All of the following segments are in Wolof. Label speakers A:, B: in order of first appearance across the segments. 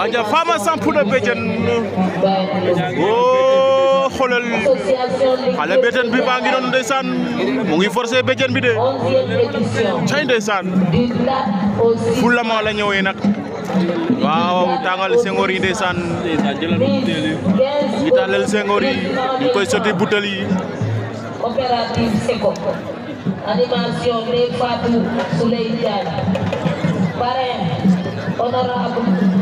A: aja fama sampuna bejen oh xolal xale ah, bejen bi bangi non ndeysan mu ngi forcer bejen bi de cay ndeysan fulama la ñewé nak waaw tangal sengor yi ngi talal sengor yi ñu koy Camara,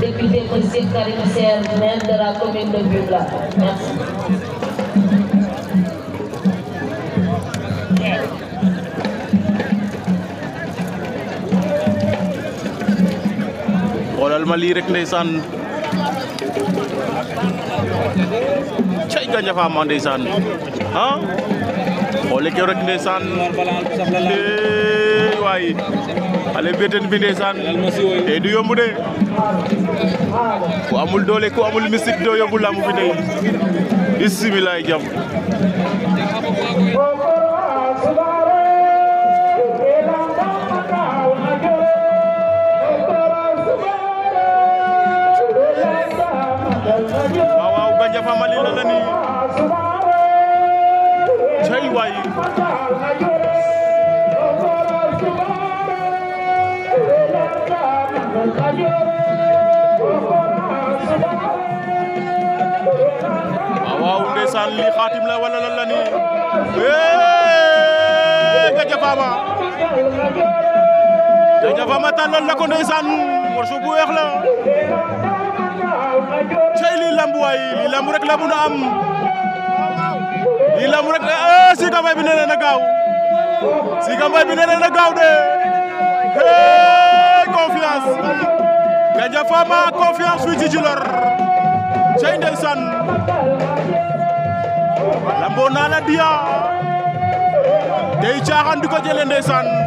A: député Monsieur Karim Serre, maire de la commune de Bubla. Merci. rek waay xale béten bi ndeysaan te du yomb de ku amul doole ku amul mystique doo yóbbu làmb bi tey bisimilaay jàmm waaw waaw Gandia Family la la cay waay waaw ah, waaw ndeysaan lii xaatim la wala lan la nii Gandia Fama Gandia Fama tàllal la ko ndeysaan morceau bu weex la cey lii lamb waay lii lamb rek la mun a am lii eh, bi nee na na gaaw Sika bi nee na na gaaw de confiance Fama confiance fii ci Djilor cey ndeysaan lamboo naa la diya day caaxaan di ko jëlee ndeysaan